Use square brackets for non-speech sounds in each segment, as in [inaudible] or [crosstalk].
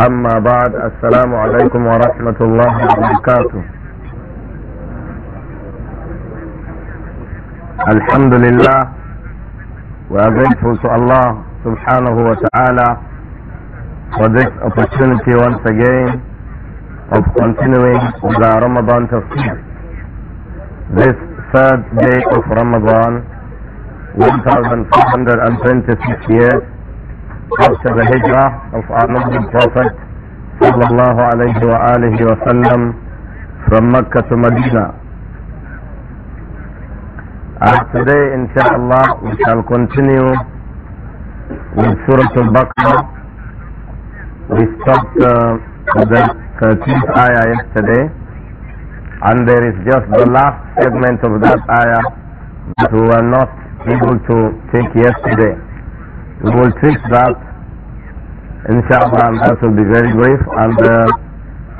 أما بعد السلام عليكم ورحمة الله وبركاته الحمد لله we are grateful to Allah subhanahu wa ta'ala for this opportunity once again of continuing the Ramadan tafsir. This third day of Ramadan, 1426 years after the hijrah of our noble Prophet sallallahu alayhi wa from Mecca to Medina. And today inshallah we shall continue with Surah Al-Baqarah. We stopped uh, the 13th ayah yesterday and there is just the last segment of that ayah that we were not able to take yesterday. we will that inshallah and that will be very brief and uh,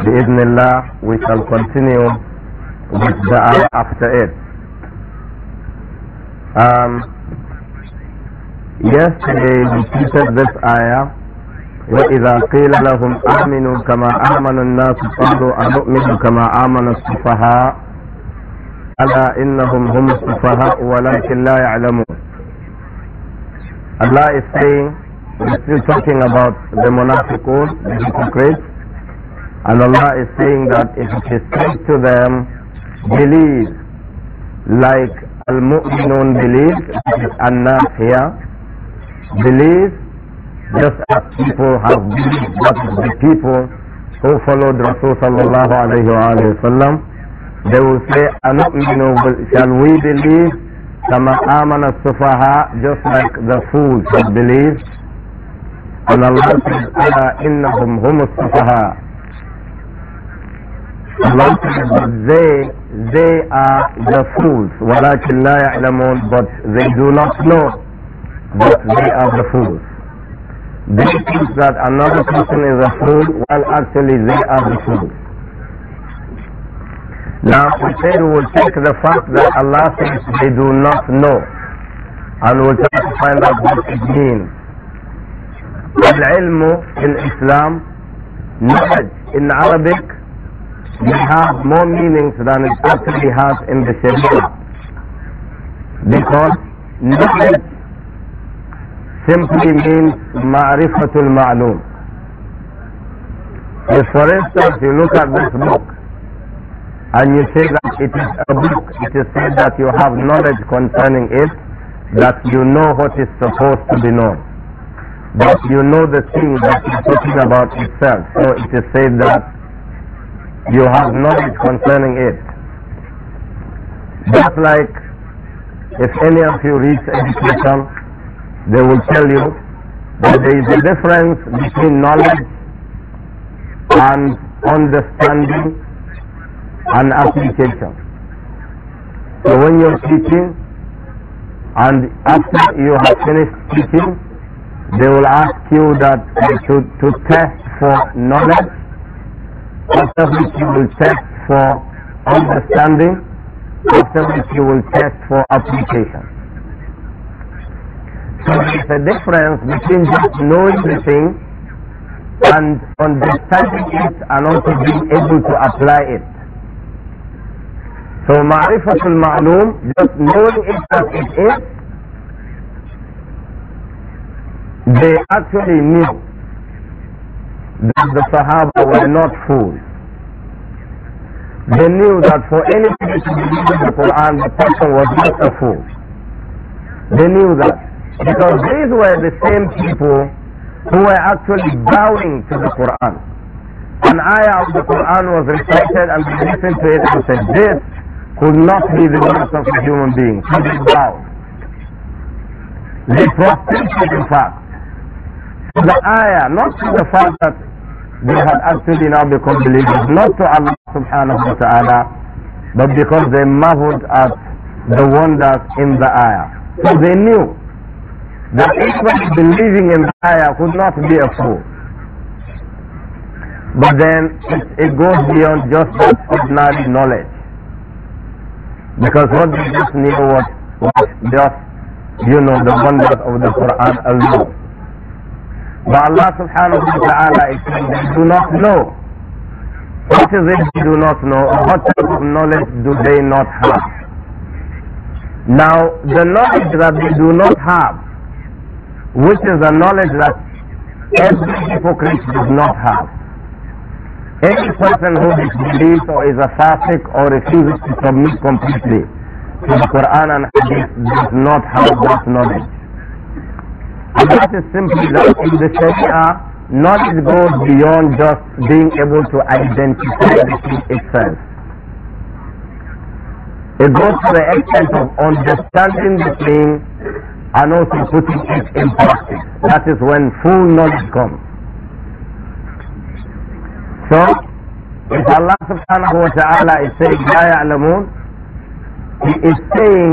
bi'idhnillah we shall continue with the after it. Um, yesterday we treated this ayah وإذا قيل لهم آمنوا كما آمن الناس قالوا أنؤمن كما آمن السفهاء ألا إنهم هم السفهاء ولكن لا يعلمون Allah is saying, we're still talking about the monarchical the hypocrites, and Allah is saying that if it is said to them, believe, like al-mu'minun believe, and here, believe just as people have believed, but the people who followed Rasul sallallahu alayhi wa sallam, they will say, أَنُؤْمِنُ shall we believe كما آمن sufaha just like the fools who believed and Allah says ألا إنهم هم السفهاء Allah says they they are the fools ولكن لا يعلمون but they do not know that they are the fools they think that another person is a fool while actually they are the fools now we said we will take the fact that Allah says they do not know and we'll try to find out what it means. العلم in Islam, knowledge in Arabic, they have more meanings than it actually has in the Sharia. Because knowledge simply means ma'rifatul ma'lum. If for instance you look at this book, and you say that it is a book, it is said that you have knowledge concerning it, that you know what is supposed to be known. But you know the thing that is talking about itself. So it is said that you have knowledge concerning it. Just like if any of you reach education, they will tell you that there is a difference between knowledge and understanding and application. So when you're teaching and after you have finished teaching, they will ask you that to, to test for knowledge, after which you will test for understanding, after which you will test for application. So there's a difference between just knowing the thing and understanding it and also being able to apply it. So ma'rifatul ma'lum, just knowing it as it is, they actually knew that the Sahaba were not fools. They knew that for anything to believe in the Quran, the person was not a fool. They knew that. Because these were the same people who were actually bowing to the Quran. An ayah of the Quran was recited and they listened to it and said, this could not be the mass of a human being, He did bound. They prostrated, in fact, the ayah, not to the fact that they had actually now become believers, not to Allah subhanahu wa ta'ala, but because they marveled at the wonders in the ayah. So they knew that anybody believing in the ayah could not be a fool. But then it, it goes beyond just that ordinary knowledge. Because what they just knew was, was just, you know, the wonders of the Quran alone. But Allah subhanahu wa ta'ala is saying they do not know. What is it they do not know? What type of knowledge do they not have? Now, the knowledge that they do not have, which is a knowledge that every hypocrite does not have, any person who disbelieves or is a fasik or refuses to submit completely to the Quran and Hadith does not have that knowledge. And that is simply that in the Sharia, knowledge goes beyond just being able to identify the thing itself. It goes to the extent of understanding the thing and also putting it in practice. That is when full knowledge comes. So, if Allah subhanahu wa ta'ala is saying, La He is saying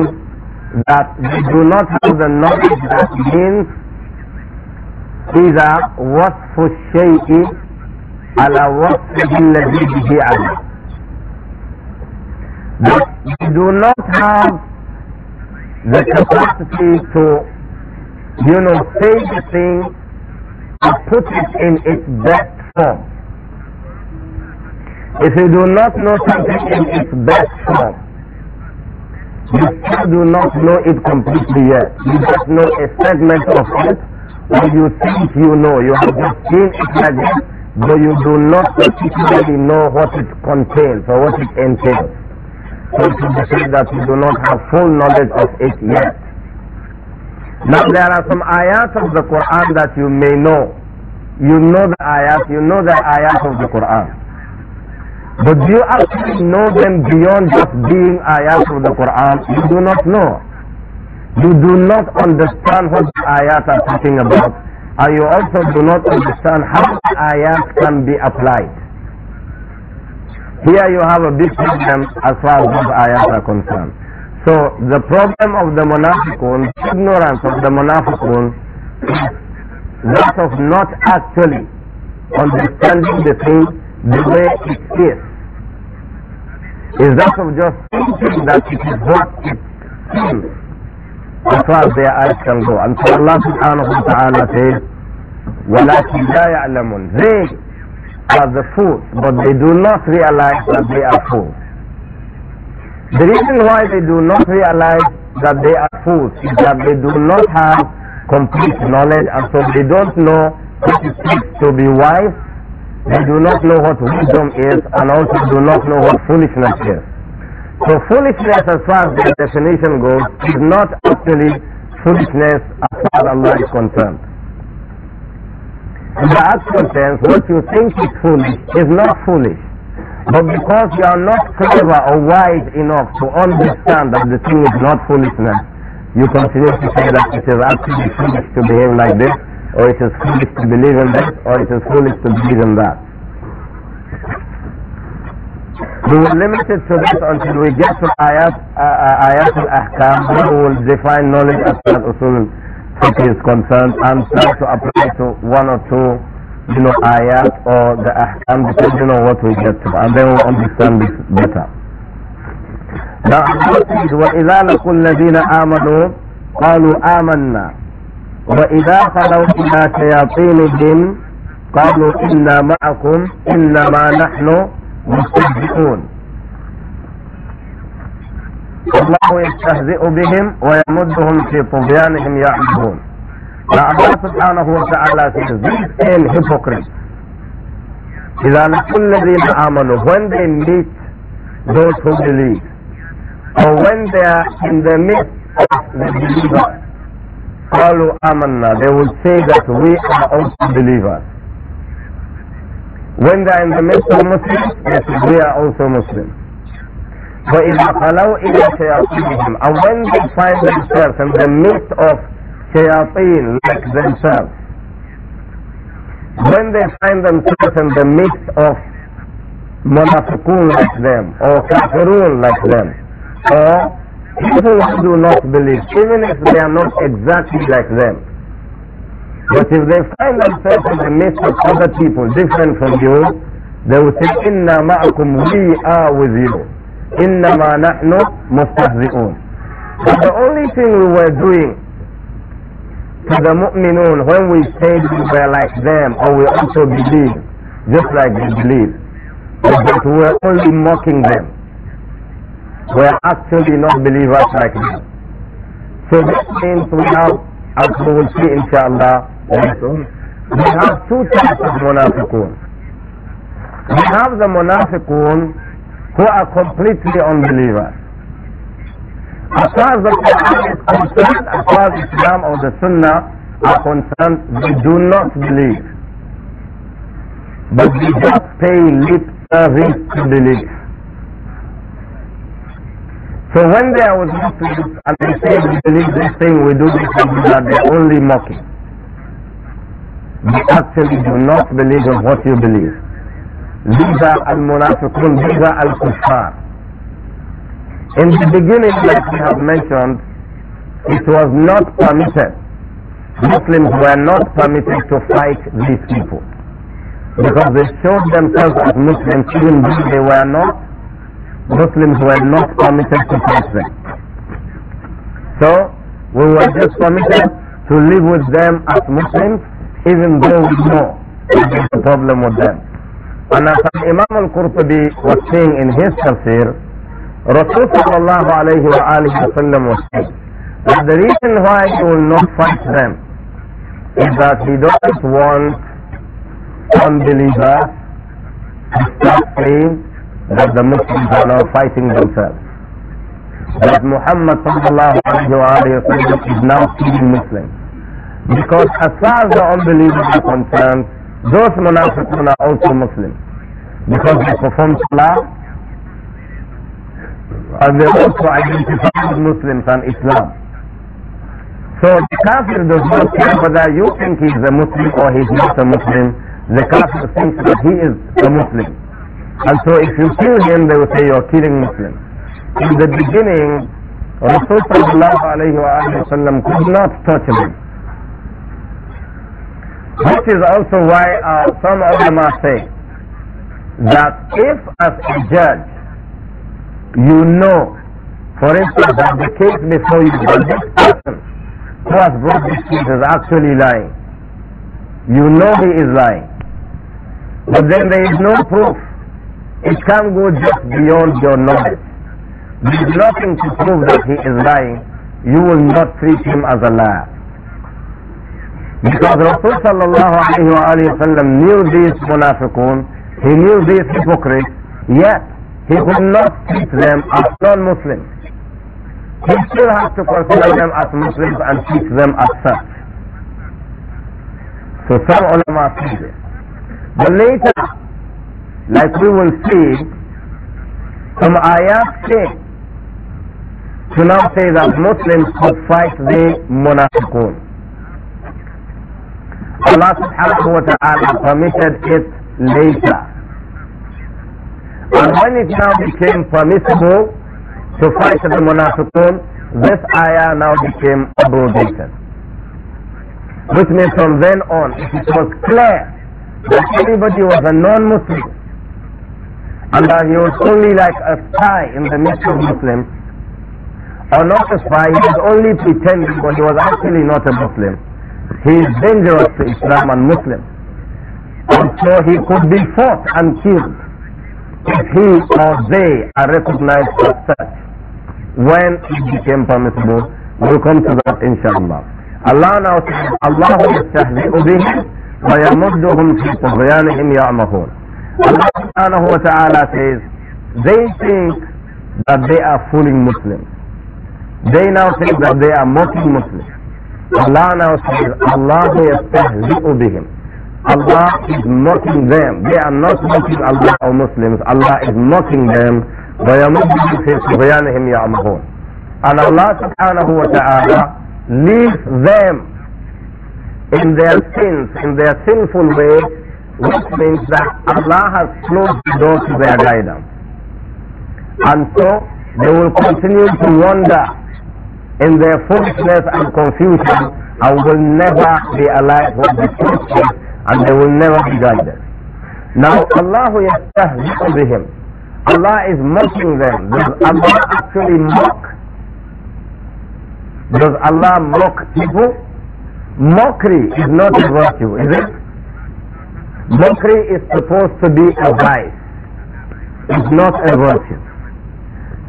that they do not have the knowledge that means either وصف الشيء على وصفه الذي به علم. But they do not have the capacity to, you know, say the thing and put it in its best form. If you do not know something in its best form, you still do not know it completely yet. You just know a segment of it, or you think you know. You have just seen it like this, but you do not particularly know what it contains or what it entails. So be said that you do not have full knowledge of it yet. Now there are some ayat of the Quran that you may know. You know the ayat, you know the ayat of the Quran. But do you actually know them beyond just being ayat of the Quran? You do not know. You do not understand what the ayat are talking about. And you also do not understand how ayat can be applied. Here you have a big problem as far as those ayat are concerned. So the problem of the monafiqun, ignorance of the monafiqun, that of not actually understanding the thing the way it is is that of just thinking that it is what it seems as far as their eyes can go. And so Allah subhanahu wa ta'ala says, وَلَكِنْ لَا يَعْلَمُونَ They are the fools, but they do not realize that they are fools. The reason why they do not realize that they are fools is that they do not have complete knowledge and so they don't know what it takes to be wise they do not know what wisdom is and also do not know what foolishness is. So foolishness as far as their definition goes is not actually foolishness as far as Allah is concerned. In the actual sense, what you think is foolish is not foolish. But because you are not clever or wise enough to understand that the thing is not foolishness, you continue to say that it is actually foolish to behave like this or it is foolish to believe in this, or it is foolish to believe in that. We will limit it to that until we get to ayat, uh, uh ayat al-ahkam, we will define knowledge as far as usul is concerned and try to apply to one or two, you know, ayat or the ahkam, depending on what we get to, and then we'll understand this better. Now, Allah says, وَإِذَا لَقُوا الَّذِينَ آمَنُوا قَالُوا آمَنَّا وإذا خلوا إلى شياطين الجن قالوا إنا معكم إنما نحن مستهزئون الله يستهزئ بهم ويمدهم في طغيانهم يعبدون فالله سبحانه وتعالى says these same hypocrites إذا لقوا الذين آمنوا when they meet those who believe or when they are in the midst of the believers قالوا آمنا they will say that we are also believers when they are in the midst of Muslims yes we are also Muslims وإذا خلوا إلى شياطينهم and when they find themselves in the midst of shayateen like themselves when they find themselves in the midst of munafiqun like them or kafirun like them or People do not believe, even if they are not exactly like them. But if they find themselves in the midst of other people different from you, they will say, Inna ma'akum, we are with you. Inna ma nahnu mustahzi'un. But the only thing we were doing to the mu'minun when we said we were like them or we also believe, just like they believe, was that we were only mocking them were actually non-believers like them. So this means we have, as we will see inshallah also, we have two types of munafiqun. We have the munafiqun who are completely unbelievers. As far as the Quran is concerned, as far as Islam or the Sunnah are concerned, they do not believe. But they just pay lip service to believe. So when they are with Muslims and they say we believe this thing, we do this and do that, they're only mocking. They actually do not believe in what you believe. These are al-munafiqun, these are al-kuffar. In the beginning, like we have mentioned, it was not permitted. Muslims were not permitted to fight these people because they showed themselves as Muslims even though they were not Muslims were not permitted to touch them. So we were just permitted to live with them as Muslims even though we know there is a problem with them. And as Imam al-Qurtubi was saying in his tafsir, Rasul sallallahu alayhi wa alayhi wa sallam was saying that the reason why he will not fight them is that he doesn't want unbelievers to start praying that the Muslims are now fighting themselves. That Muhammad is now killing Muslims. Because as far as the unbelievers are concerned, those munafiqun are also Muslims. Because they perform salah, and they also identify with Muslims and Islam. So the kafir does not care whether you think he is a Muslim or he is not a Muslim. The kafir thinks that he is a Muslim. And so if you kill him, they will say you are killing Muslims. In the beginning, Rasul could not touch him. This is also why uh, some are saying that if as a judge you know, for instance, that the case before you, that this person who has brought this case is actually lying, you know he is lying, but then there is no proof it can go just beyond your knowledge. There's nothing to prove that he is lying. You will not treat him as a liar. Because Rasul sallallahu alayhi wa, sallam knew these munafiqun, he knew these hypocrites, yet he could not treat them as non-Muslims. He still has to consider them as Muslims and treat them as such. So some ulama say this. But later, like we will see, some ayat say to now say that Muslims could fight the munafiqun. Allah subhanahu wa ta'ala permitted it later. And when it now became permissible to fight the munafiqun, this ayah now became abrogated. Which means from then on, it was clear that anybody was a non-Muslim and that he was only like a spy in the midst of Muslims, or not a spy, he was only pretending, but he was actually not a Muslim. He is dangerous to Islam and Muslims. And so he could be fought and killed if he or they are recognized as such. When it became permissible, we'll come to that inshallah. Allah now says, Allah يستهزئ بهم ويمدهم في طغيانهم يعمهون. Allah subhanahu wa ta'ala says, they think that they are fooling Muslims. They now think that they are mocking Muslims. Allah now says, Allah yastahzi'u bihim. Allah is mocking them. They are not mocking Allah or Muslims. Allah is mocking them. وَيَمُدِّهُمْ فِي صُبْيَانِهِمْ يَعْمَهُونَ And Allah subhanahu wa ta'ala leaves them in their sins, in their sinful way, which means that Allah has closed the door to their guidance. And so they will continue to wander in their foolishness and confusion and will never alive with the truth and they will never be guided. Now Allah yastahzi'u bihim. Allah is mocking them. Does Allah actually mock? Does Allah mock people? Mockery is not a virtue, is it? Mockery is supposed to be a vice, it's not a virtue.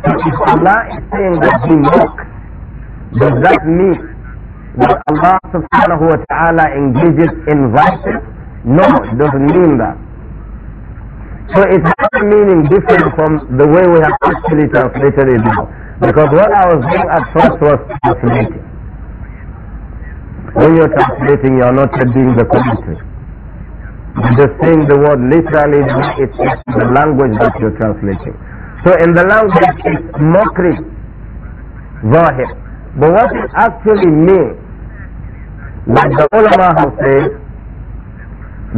So if Allah is saying that he mocks, does that mean that Allah subhanahu wa ta'ala engages in vices? No, it doesn't mean that. So it has a meaning different from the way we have actually translated it now. Because what I was doing at first was translating. When you're translating, you're not doing the commentary. Just saying the word literally, it's the language that you're translating. So in the language, it's mockery, zahir. But what it actually means, like the ulama have said,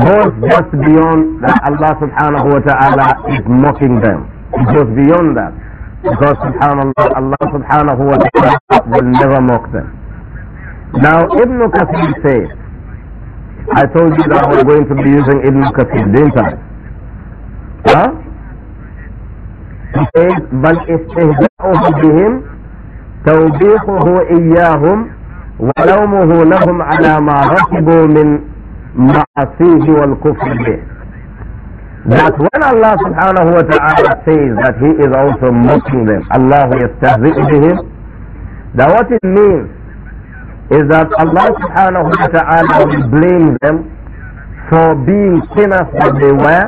goes just beyond that Allah subhanahu wa ta'ala is mocking them. goes beyond that. Because subhanallah, Allah subhanahu wa ta'ala will never mock them. Now Ibn Kathir says, I told you that I was going to be using Ibn Kathir, didn't I? Huh? He says, بل استهزاؤه بهم توبيخه إياهم ولومه لهم على ما ركبوا من معصيه والكفر به. That when Allah subhanahu wa ta'ala says that He is also mocking them, Allah يستهزئ بهم, that what it means is that Allah subhanahu wa ta'ala will blame them for being sinners that they were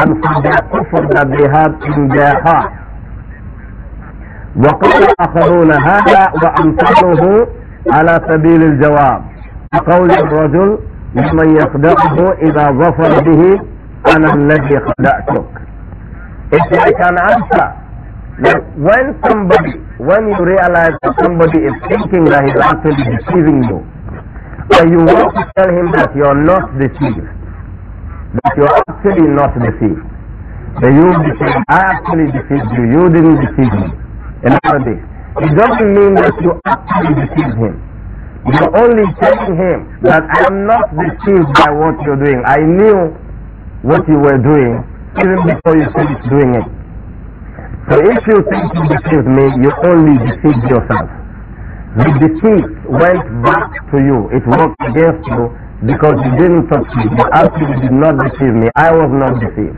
and for the kufr that they had in their heart. وقال آخرون هذا وأمثاله على سبيل الجواب قول الرجل لمن يخدعه إذا ظفر به أنا الذي خدعتك. If I can answer Now, when somebody, when you realize that somebody is thinking that he's actually deceiving you, and you want to tell him that you're not deceived, that you're actually not deceived, then you will I actually deceived you, you didn't deceive me. In Arabic, it doesn't mean that you actually deceived him. You're only telling him that I am not deceived by what you're doing. I knew what you were doing even before you finished doing it. So if you think you deceived me, you only deceived yourself. The deceit went back to you. It worked against you because you didn't succeed. You actually did not deceive me. I was not deceived.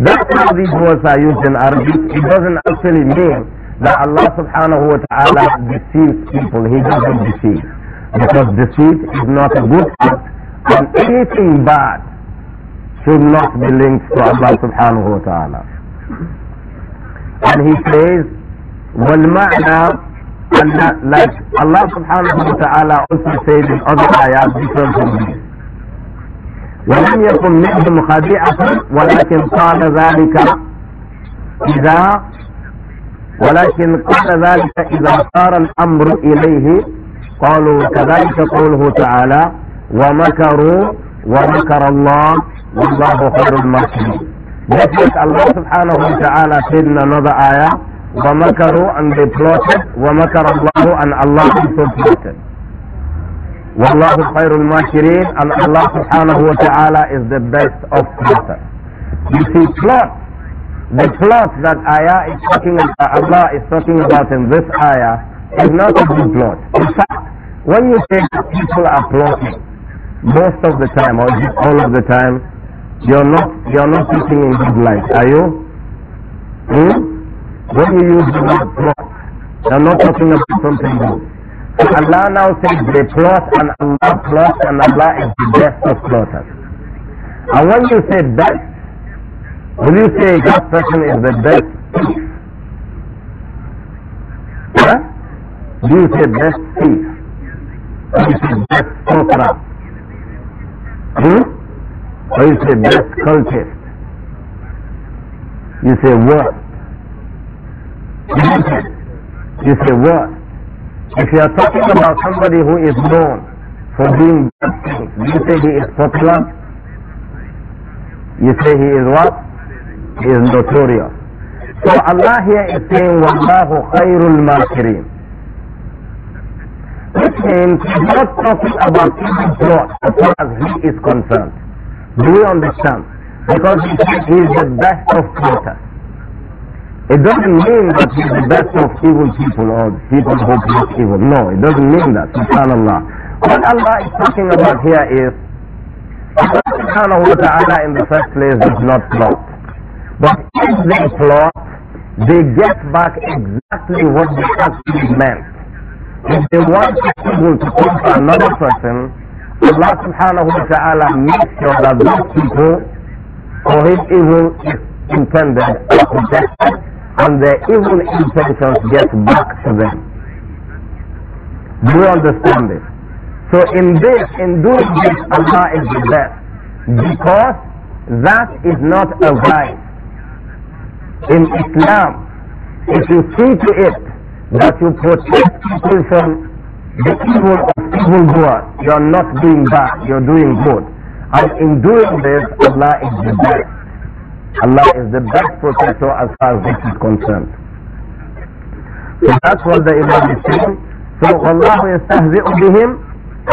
That's how these words are used in Arabic. It doesn't actually mean that Allah subhanahu wa ta'ala deceives people. He doesn't deceive. Because deceit is not a good act and anything bad should not be linked to Allah subhanahu wa ta'ala. And he says, وَالْمَعْنَى أن الله سبحانه وتعالى wa also says in other ayahs different from this. ولم يكن منهم خادعة ولكن قال ذلك إذا ولكن قال ذلك إذا صار الأمر إليه قالوا كذلك قوله تعالى ومكروا ومكر الله والله خير الماكرين That's what Allah subhanahu wa ta'ala said in another ayah. وَمَكَرُوا and they plotted. وَمَكَرَ اللَّهُ and Allah also plotted. وَاللَّهُ خَيْرُ الْمَاكِرِينَ and Allah subhanahu wa ta'ala is the best of plotters. You see, plot, the plot that ayah is talking about, Allah is talking about in this ayah is not a good plot. In fact, when you say people are plotting, most of the time, or all of the time, you're not, you're not sitting in good light, are you? Hmm? When you use the word plot, you're not talking about something good. So Allah now says they plot and Allah plots and Allah is the best of plotters. And when you say best, will you say that person is the best Do you say best thief? Do you say best sorcerer? Hmm? or you say best cultist. You say what? You say what? If you are talking about somebody who is known for being, do you say he is popular? You say he is what? He is notorious. So Allah here is saying, وَاللَّهُ khairul الْمَاكِرِينَ Which means he's not talking about evil as far as he is concerned beyond the Sham because he said he is the best of creators. It doesn't mean that he's the best of evil people or people who do evil. No, it doesn't mean that. Subhanallah. What Allah is talking about here is Allah subhanahu wa ta'ala in the first place does not plot. But if they plot, they get back exactly what they actually meant. If they want people to come to another person, Allah subhanahu wa ta'ala makes sure that those people for his evil is intended or contested and their evil intentions get back to them. Do you understand this? So in this, in doing this, Allah is the best because that is not a vice. In Islam, if you see to it that you protect people from the evil of evildoer, you're not doing bad, you're doing good. And in doing this, Allah is the best. Allah is the best protector as far as this is concerned. So that's what the Imam is saying. So Allah bihim يستهزئ بهم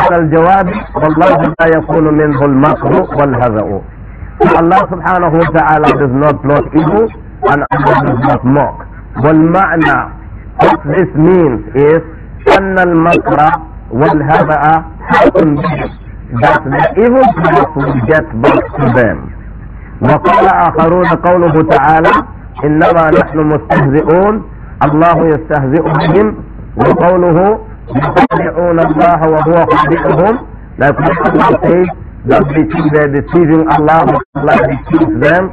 على الجواب والله لا يكون منه المكر والهزأ. Allah subhanahu wa ta'ala does not plot evil and Allah does not mock. والمعنى what this means is أن المكر والهبأ حق that the evil plans will get back to them وقال آخرون قوله تعالى إنما نحن مستهزئون الله يستهزئ بهم وقوله يخدعون الله وهو خادعهم لكن الله says that they think deceiving Allah Allah deceives them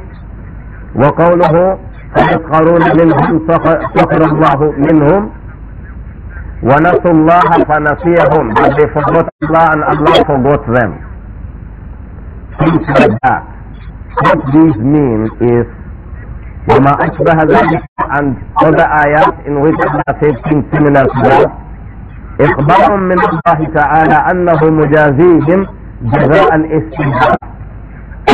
وقوله فيسخرون منهم سخر الله منهم وَنَسُوا اللَّهَ فَنَسِيَهُمْ But they forgot Allah and Allah forgot them. Things like that. What these mean is وَمَا أَشْبَهَ ذَلِكَ and other ayat in which Allah said things similar to that. إِخْبَارٌ مِّنَ اللَّهِ تَعَالَى أَنَّهُ مُجَازِيهِمْ جَزَاءَ الْإِسْتِهْزَاءِ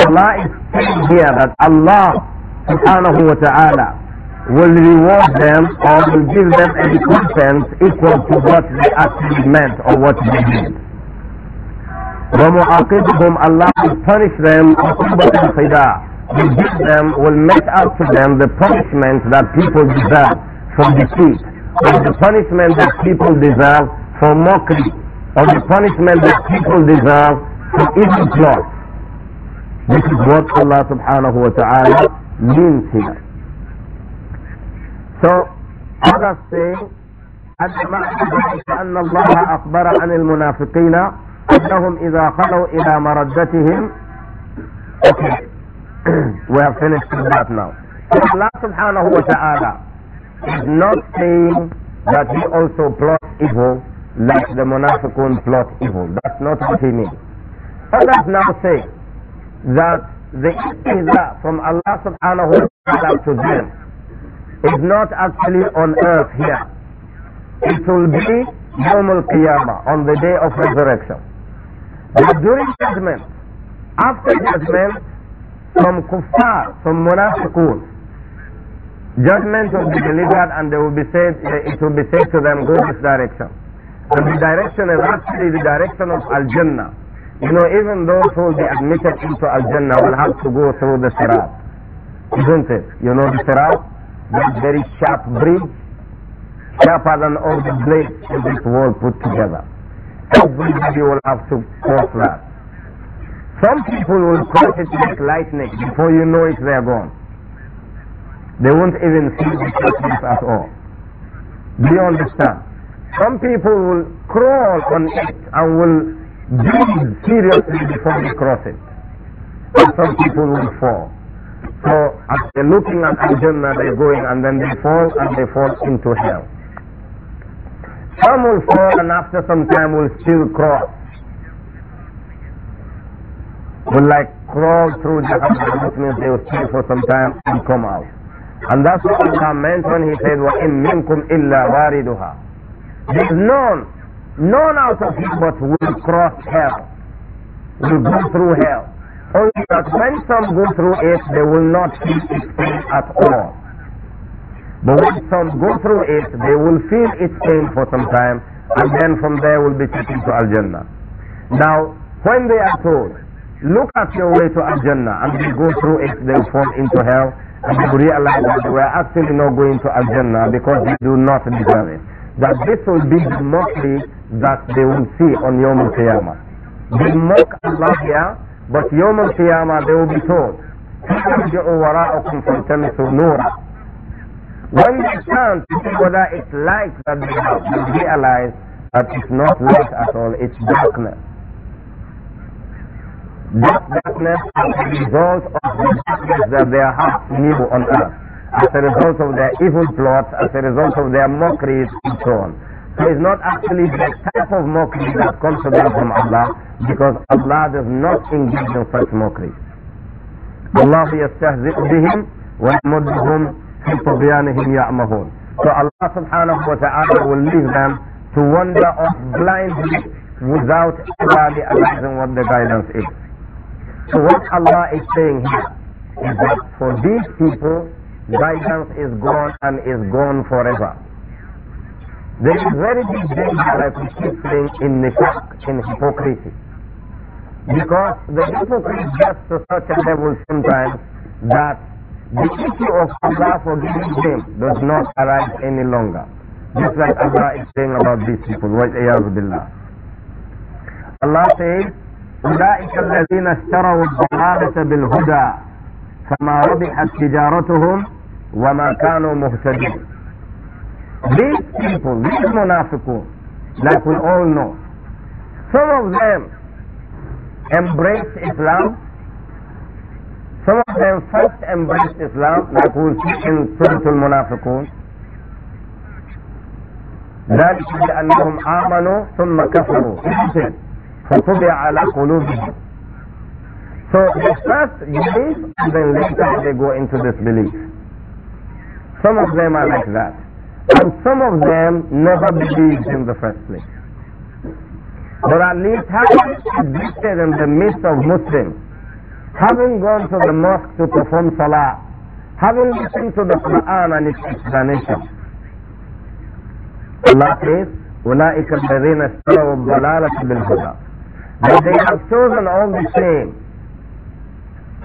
Allah is saying here that Allah subhanahu wa ta'ala will reward them or will give them a recompense equal to what they actually meant or what they did. ومعاقبهم Allah will punish them عقوبة will give them, will make out to them the punishment that people deserve for defeat, or the punishment that people deserve for mockery, or the punishment that people deserve for evil plots. This is what Allah subhanahu wa ta'ala means here. So others say أن أن الله أخبر عن المنافقين أنهم إذا خلوا إلى مردتهم Okay, we have finished with that now. So Allah subhanahu wa ta'ala is not saying that he also plots evil like the munafiqun plot evil. That's not what he means. Others now say that the إذا from Allah subhanahu wa ta'ala to them is not actually on earth here. It will be normal al-Qiyamah, on the day of resurrection. But during judgment, after judgment, from kuffar, from munafiqun, judgment will be delivered and they will be said, eh, it will be said to them, go this direction. And the direction is actually the direction of Al-Jannah. You know, even those who will be admitted into Al-Jannah will have to go through the Sirat. Isn't it? You know the Sirat? not very sharp bridge, sharper than all the blades in this world put together. Everybody will have to cross that. Some people will cross it like lightning. Before you know it, they're gone. They won't even see the darkness at all. Do you understand? Some people will crawl on it and will bleed seriously before they cross it. And some people will fall. So after they're looking at Al-Jannah, they're going and then they fall and they fall into hell. Some will fall and after some time will still cross. Will like crawl through Jahannam, which means they will stay for some time and come out. And that's what Allah meant when He said, وَإِن مِّنكُمْ إِلَّا وَارِدُهَا There's none, none out of you but will cross hell, will go through hell. Only oh, that when some go through it, they will not feel its pain at all. But when some go through it, they will feel its pain for some time, and then from there will be taken to Al Jannah. Now, when they are told, look at your way to Al Jannah, and they go through it, they fall into hell, and they realize that they are actually not going to Al Jannah because they do not deserve it. That this will be the mockery that they will see on Yom Qiyamah. The mock Allah here but Yom al Qiyamah they will be told, When they turn to see whether it's light that they have, they realize that it's not light at all, it's darkness. This darkness is the result of the darkness that their hearts knew on earth, as a result of their evil plots, as a result of their mockeries and so on. So it's not actually the type of mockery that comes to them from Allah because Allah does not engage in such mockery. Allah يستهزئ بهم ويمدهم في طغيانهم يعمهون. So Allah subhanahu wa ta'ala will leave them to wander off blindly without ever realizing what the guidance is. So what Allah is saying here is that for these people, guidance is gone and is gone forever. There is very big danger that we keep saying in nifaq, in hypocrisy. Because the hypocrisy gets to such a level sometimes that the issue of Allah forgiving them does not arise any longer. Just like Allah is saying about these people, وَالْعِيَاذُ billah. Allah says, أُولَٰئِكَ الَّذِينَ اشْتَرَوُا الضَّلَالَةَ بِالْهُدَىٰ فَمَا رَبِحَتْ تِجَارَتُهُمْ وَمَا كَانُوا مُهْتَدِينَ these people, these munafiqun, like we all know, some of them embraced Islam, some of them first embraced Islam, like we see in Surah al ذلك آمنوا ثم كفروا فطبع على قلوبهم So they first believe and then later they go into disbelief. Some of them are like that. And some of them never believed in the first place. But at least having existed in the midst of Muslims, having gone to the mosque to perform salah, having listened to the Quran and its explanation, Allah says, But they have chosen all the same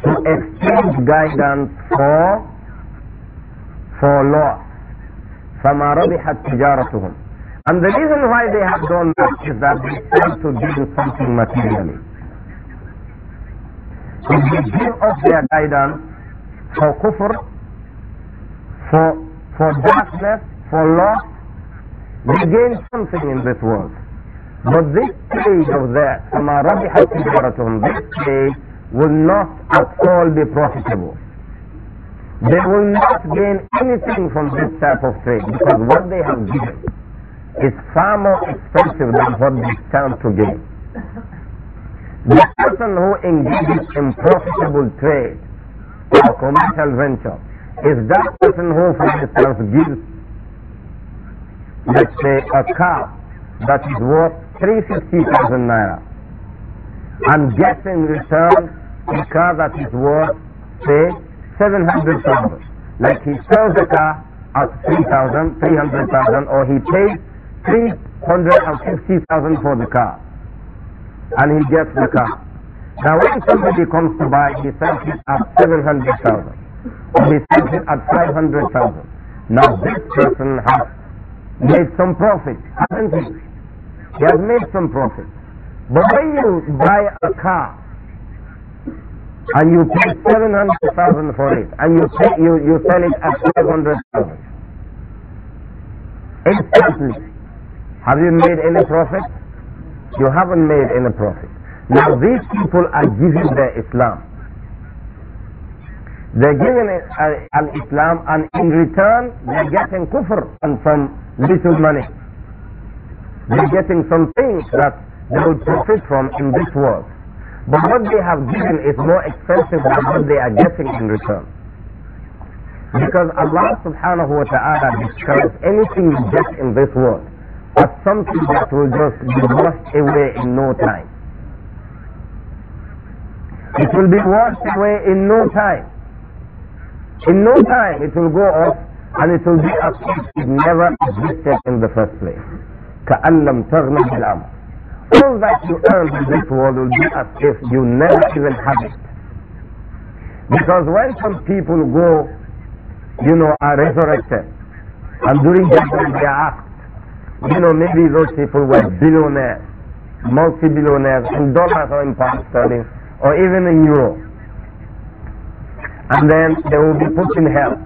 to exchange guidance for for loss. فما ربحت تجارتهم and the reason why they have done that is that they tend to give something materially. If they give up their guidance for kufr, for, for darkness, for loss, they gain something in this world. But this trade of theirs, this trade will not at all be profitable. They will not gain anything from this type of trade because what they have given is far more expensive than what they stand to gain. The person who engages in profitable trade or commercial venture is that person who, for instance, gives, let's say, a car that is worth 350,000 naira and gets in return a car that is worth, say, 700,000. Like he sells the car at 3,000, 300,000 or he pays 350,000 for the car and he gets the car. Now when somebody comes to buy, he sells it at 700,000 or he sells it at 500,000. Now this person has made some profit, hasn't he? He has made some profit. But when you buy a car and you pay 700,000 for it, and you, pay, you, you sell it at 500,000. Instantly. Have you made any profit? You haven't made any profit. Now these people are giving their Islam. They're giving uh, an Islam and in return they're getting kufr and some little money. They're getting some things that they will profit from in this world. But what they have given is more expensive than what they are getting in return. Because Allah subhanahu wa ta'ala describes anything you get in this world as something that will just be washed away in no time. It will be washed away in no time. In no time it will go off and it will be as if it never existed in the first place. كأن تغنى بالأمر all that you earn in this world will be as if you never even had it. Because when some people go, you know, are resurrected, and during judgment they are asked, you know, maybe those people were billionaires, multi-billionaires, in dollars or in pound sterling, or even in euro. And then they will be put in hell.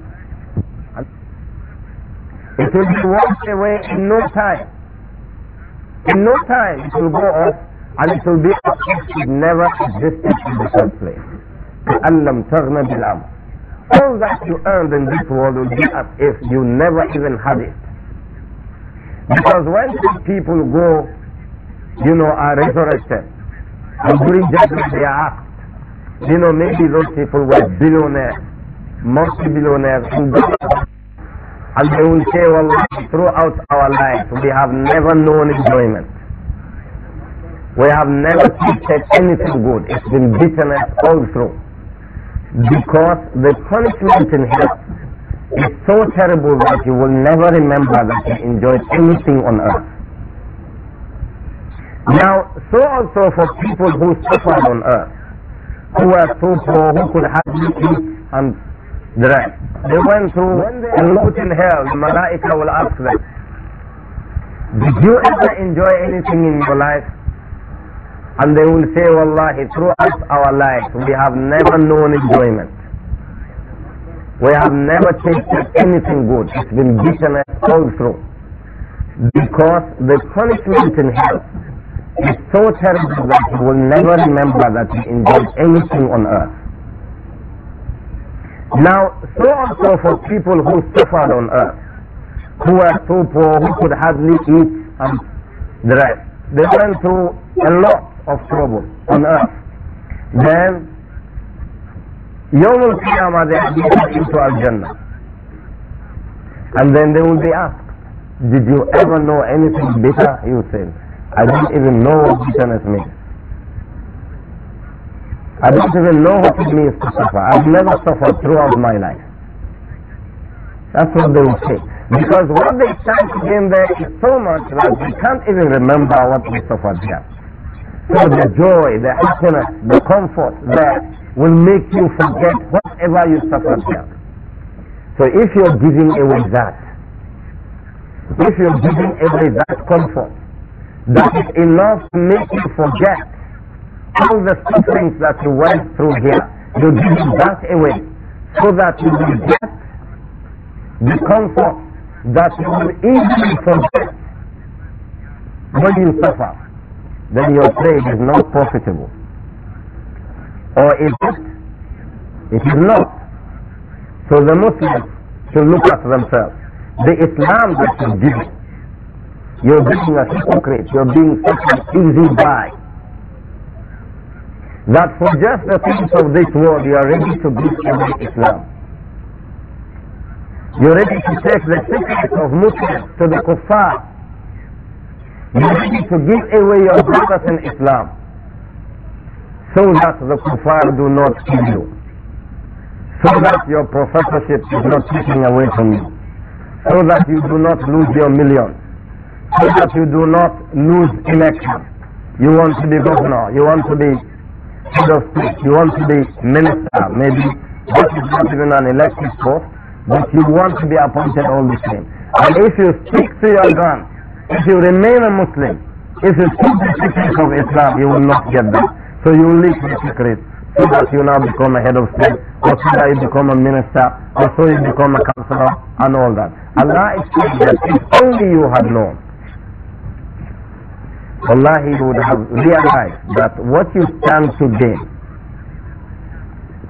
It will be washed away in no time. In no time it will go off and it will be as if it never existed in the first place. All that you earned in this world will be as if you never even had it. Because when people go, you know, are resurrected, and during judgment they are asked, you know, maybe those people were billionaires, multi-billionaires, and God and they will say, Wallahi, throughout our life, we have never known enjoyment. We have never tasted anything good. It's been bitterness all through. Because the punishment in hell is so terrible that you will never remember that you enjoyed anything on earth. Now, so also for people who suffered on earth, who were so poor, who could hardly eat and the They went to and lot in hell. The malaika will ask them, Did you ever enjoy anything in your life? And they will say, Wallahi, throughout our life. we have never known enjoyment. We have never tasted anything good. It's been bitterness all through. Because the punishment in hell is so terrible that you will never remember that you enjoyed anything on earth. Now, so also for people who suffered on earth, who were so poor, who could hardly eat and dress, They went through a lot of trouble on earth. Then, Yom al Qiyamah, they are taken to Al Jannah. And then they will be asked, Did you ever know anything bitter? You said, I didn't even know what bitterness means. I don't even know what it means to suffer. I've never suffered throughout my life. That's what they will say. Because what they try to gain there is so much that like can't even remember what they suffered there. So the joy, the happiness, the comfort there will make you forget whatever you suffered there. So if you're giving away that, if you're giving away that comfort, that is enough to make you forget all the sufferings that you went through here, you give that away so that you will get the comfort that you will easily forget when you suffer. Then your trade is not profitable. Or is it? It is not. So the Muslims should look at themselves. The Islam that you give, you're being a hypocrite, you're being such an easy buy that for just the things of this world you are ready to give Islam. You're ready to take the secret of Muslims to the kuffar. You're ready to give away your brothers in Islam so that the kuffar do not kill you. So that your professorship is not taken away from you. So that you do not lose your millions. So that you do not lose election. You want to be governor. You want to be head of state, you want to be minister, maybe this is not even an elected post, but you want to be appointed all the same. And if you stick to your gun, if you remain a Muslim, if you keep the secrets of Islam, you will not get that. So you leak the secrets so that you now become a head of state, or so that you become a minister, or so you become a counselor, and all that. Allah explains that if only you had known. Allah he would have realized that what you stand to gain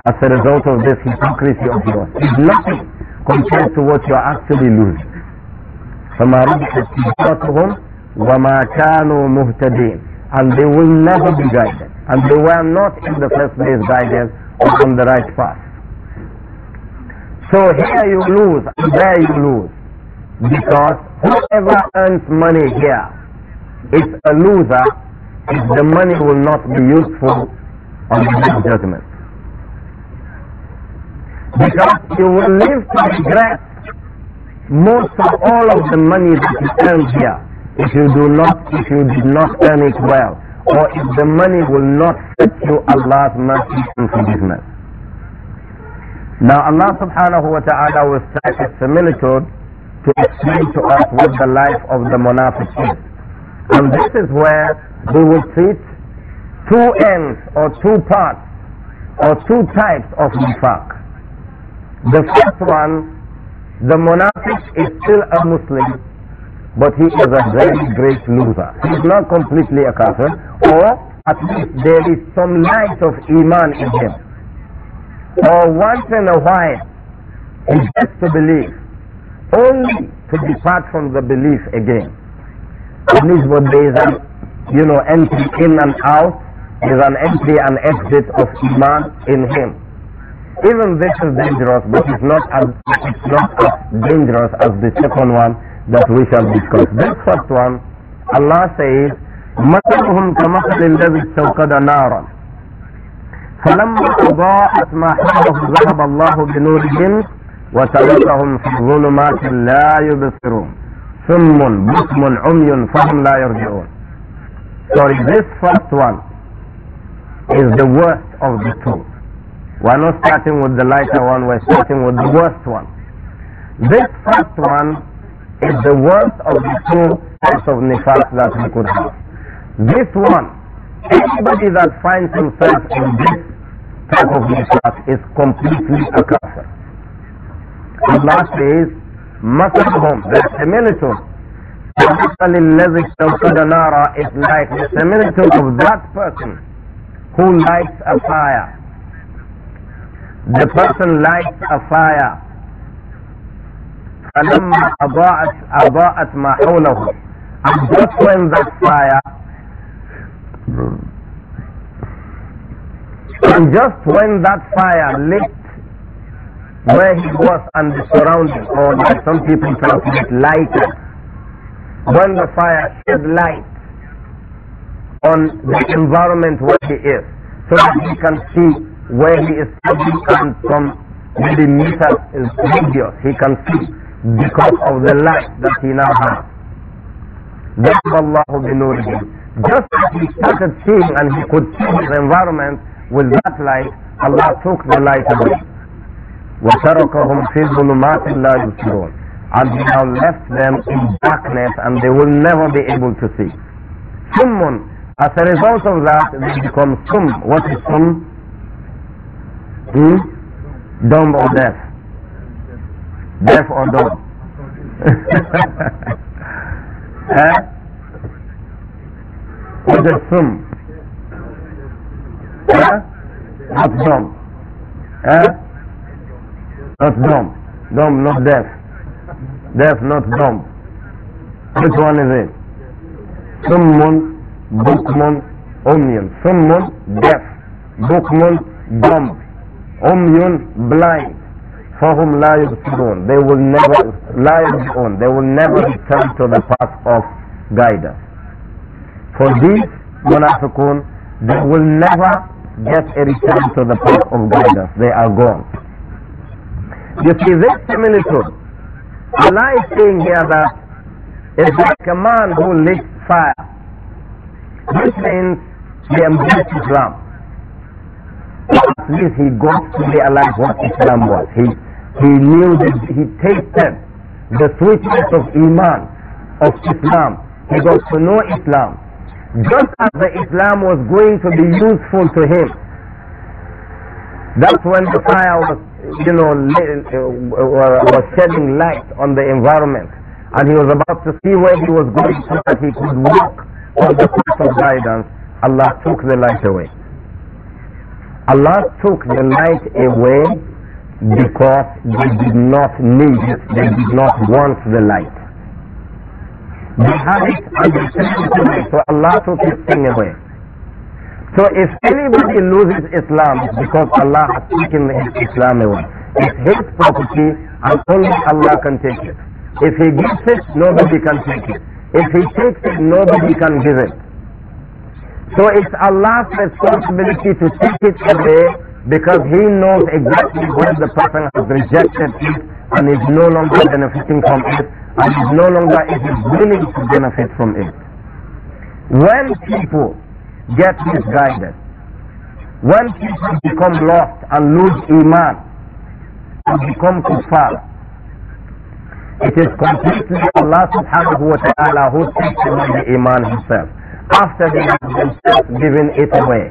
as a result of this hypocrisy of yours is nothing compared to what you are actually losing. فما ربحت وما كانوا مهتدين and they will never be guided and they were not in the first place guided on the right path. So here you lose and there you lose because whoever earns money here if a loser if the money will not be useful on the day of judgment. Because you will live to regret most of all of the money that you earned here if you do not, if you did not earn it well, or if the money will not set you Allah's mercy and forgiveness. Now Allah subhanahu wa ta'ala will cite a similitude to explain to us what the life of the munafiq is. And this is where we will treat two ends or two parts or two types of nifaq. The first one, the munafiq is still a Muslim, but he is a very great loser. He is not completely a kafir, or at least there is some light of iman in him. Or once in a while, he gets to believe, only to depart from the belief again. Nisbut there is an, you know, entry in and out, there is an entry and exit of Iman in him. Even this is dangerous, but it's not as, it's not as dangerous as the second one that we shall discuss. This first one, Allah says, مثلهم كمثل الذي استوقد نارا فلما أضاءت ما حوله ذهب الله بنورهم وتركهم في الظلمات لا يبصرون صم بكم عمي فهم لا يرجعون Sorry, this first one is the worst of the two. We're not starting with the lighter one, we're starting with the worst one. This first one is the worst of the two types of nifas that we could have. This one, anybody that finds himself in this type of nifas is completely a kafir. Allah says, مثلهم their similitude فمثل الذي استوقد نارا is like the similitude of that person who lights a fire the person lights a fire فلما أضاءت أضاءت ما حوله and just when that fire and just when that fire lit where he was and the surroundings, or some people translate light, When the fire shed light on the environment where he is, so that he can see where he is coming and from maybe meters is radius he can see because of the light that he now has. That's Allah binurihim. Just as he started seeing and he could see his environment with that light, Allah took the light away. وَتَرَكَهُمْ فِي ظُلُمَاتٍ لَا يُبْصِرُونَ and we have left them in darkness and they will never be able to see. Summun, as a result of that, they become sum. What is sum? Hmm? Dumb or deaf? Deaf or dumb? [laughs] eh? What is sum? Eh? Not dumb. Eh? not dumb. Dumb, not deaf. Deaf, not dumb. Which one is it? Someone, Bukman, Omnion. Someone, deaf. Bukman, dumb. Omnion, blind. For whom lies يبصرون they will never lies on. they will never return to the path of guidance for these munafiqun they will never get a return to the path of guidance they are gone you see, this similitude, Allah is saying here that it's like a man who lit fire. This means he embraced Islam. At least he got to realize what Islam was. He, he knew that he tasted the sweetness of Iman, of Islam. He got to know Islam. Just as the Islam was going to be useful to him, that's when the fire was, you know, uh, uh, was shedding light on the environment. And he was about to see where he was going so that he could walk on the path of guidance. Allah took the light away. Allah took the light away because they did not need it, they did not want the light. They had it and they it away, so Allah took his thing away. So if anybody loses Islam, because Allah has taken his Islam away. It's his property and only Allah can take it. If he gives it, nobody can take it. If he takes it, nobody can give it. So it's Allah's responsibility to take it away because he knows exactly when the person has rejected it and is no longer benefiting from it and is no longer is willing to benefit from it. When people get misguided. When people become lost and lose iman and become kuffar, it is completely Allah subhanahu wa ta'ala who takes away the iman himself after they have themselves given it away.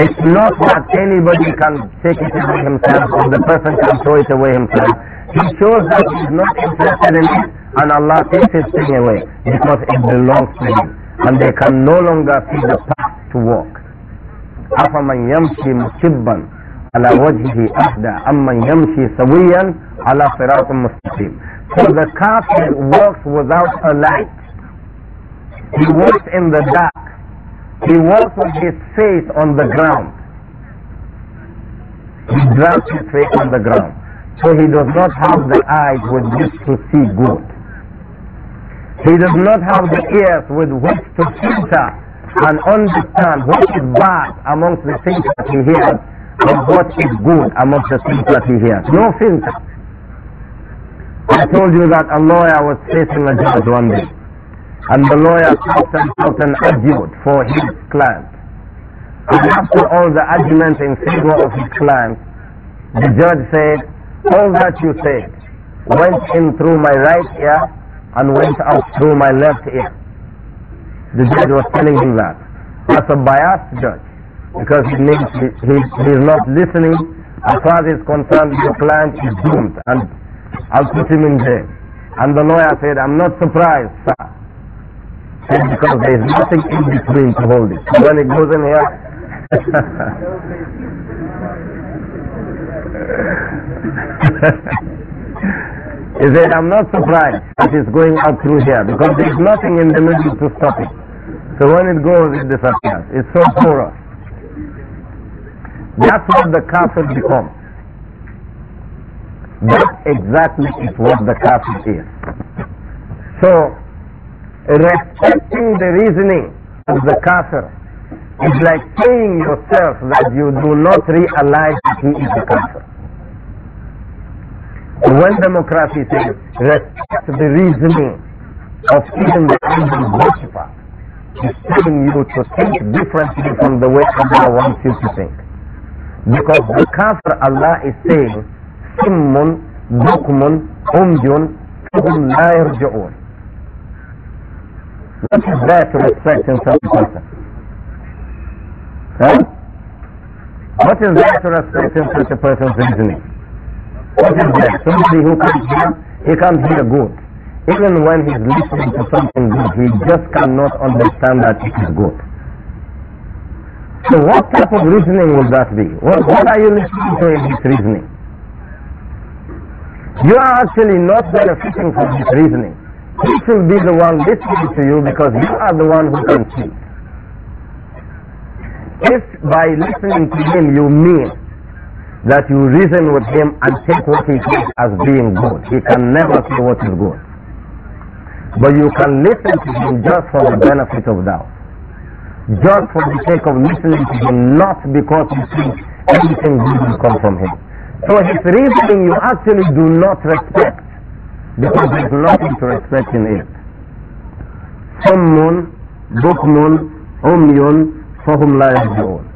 It's not that anybody can take it away himself or the person can throw it away himself. He shows that he's not interested in it and Allah takes his thing away because it belongs to him and they can no longer see the path to walk. أفمن يمشي مكبا على وجهه أهدى أمن يمشي سويا على صراط مستقيم. So the kafir walks without a light. He walks in the dark. He walks with his face on the ground. He drags his face on the ground. So he does not have the eyes with which to see good. He does not have the ears with which to filter and understand what is bad amongst the things that he hears and what is good amongst the things that he hears. No filter. I told you that a lawyer was facing a judge one day. And the lawyer sought and an adjudant for his client. And after all the arguments in favor of his client, the judge said, all that you said went in through my right ear and went out through my left ear. The judge was telling him that. That's a biased judge because he, needs, he, he is not listening. As far as is concerned, your client is doomed and I'll put him in jail. And the lawyer said, I'm not surprised, sir. Said, because there is nothing in between to hold it. when it goes in here, [laughs] He said, I'm not surprised that it's going out through here because there's nothing in the middle to stop it. So when it goes, it disappears. It's so porous. That's what the castle becomes. That exactly is what the castle is. So, respecting the reasoning of the castle is like saying yourself that you do not realize that he is a kafir. When democracy says respect the reasoning of even the angel worshiper, is telling you to think differently from the way Allah wants you to think. Because the kafir Allah is saying, Simmun, Dukmun, Umjun, Tuhum la yarji'un. What is that to respect in such person? Huh? What is that to respect in such a person's reasoning? What is that? Somebody who comes here, he can't hear good. Even when he's listening to something good, he just cannot understand that it is good. So what type of reasoning will that be? What, what are you listening to in this reasoning? You are actually not benefiting from this reasoning. He should be the one listening to you because you are the one who can see. If by listening to him you mean that you reason with him and take what he says as being good. He can never say what is good. But you can listen to him just for the benefit of doubt. Just for the sake of listening to him, not because you think anything good will come from him. So his reasoning you actually do not respect because there's nothing to respect in it. صم بكم عمي فهم لا يرجعون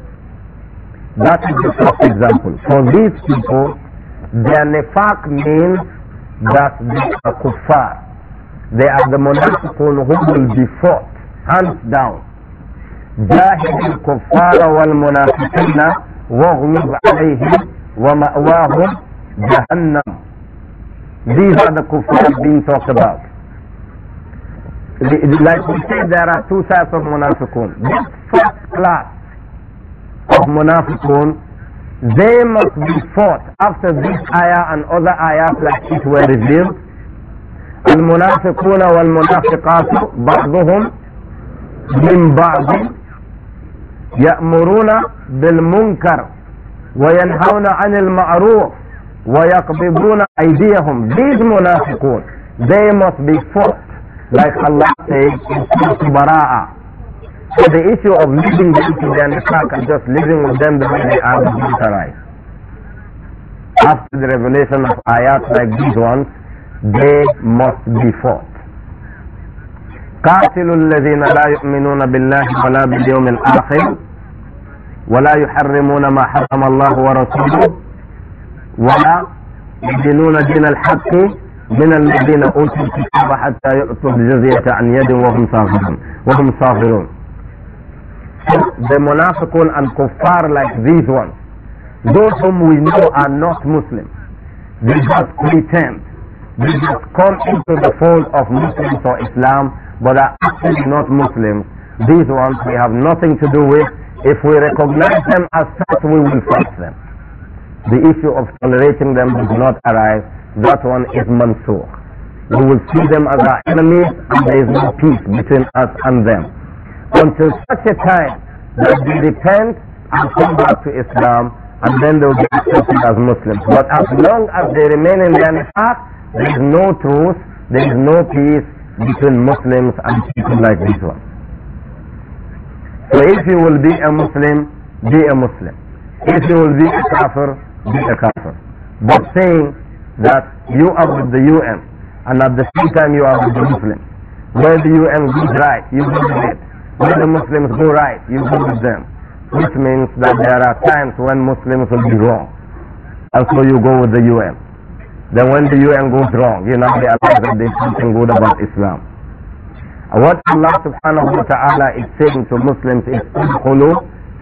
that is the first example. For these people, their nefak means that they are kuffar. They are the munafiqun who will be fought, hands down. جاهد الكفار والمنافقين واغلظ عليهم ومأواهم جهنم These are the kuffar being talked about. Like we say, there are two types of munafiqun. This first class of Munafiqun, they must be fought after this ayah and other ayahs like it were revealed. المنافقون والمنافقات بعضهم من بعض يأمرون بالمنكر وينهون عن المعروف ويقبضون أيديهم these منافقون they must be fought like Allah says in Surah so the issue of leaving them to their nifaq and just living with them the way they are does arise. After the revelation of ayat like these ones, they must be fought. قاتلوا الذين لا يؤمنون بالله ولا باليوم الآخر ولا يحرمون ما حرم الله ورسوله ولا يدينون دين الحق من الذين أوتوا الكتاب حتى يؤتوا الجزية عن يد وهم صاغرون وهم صاغرون the munafiqun and kuffar like these ones. Those whom we know are not Muslims. They just pretend. They just come into the fold of Muslims or Islam, but are actually not Muslims. These ones we have nothing to do with. If we recognize them as such, we will fight them. The issue of tolerating them does not arise. That one is mansur. We will see them as our enemies, and there is no peace between us and them until such a time that they repent and come back to Islam and then they will be accepted as Muslims. But as long as they remain in their nifaq, there is no truth, there is no peace between Muslims and people like this one. So if you will be a Muslim, be a Muslim. If you will be a kafir, be a kafir. But saying that you are with the UN and at the same time you are with the Muslims, where the UN goes right, you go right. When the Muslims go right, you go with them. Which means that there are times when Muslims will be wrong. Also you go with the UN. Then when the UN goes wrong, you know they are that there's something good about Islam. What Allah subhanahu wa ta'ala is saying to Muslims is Udkhulu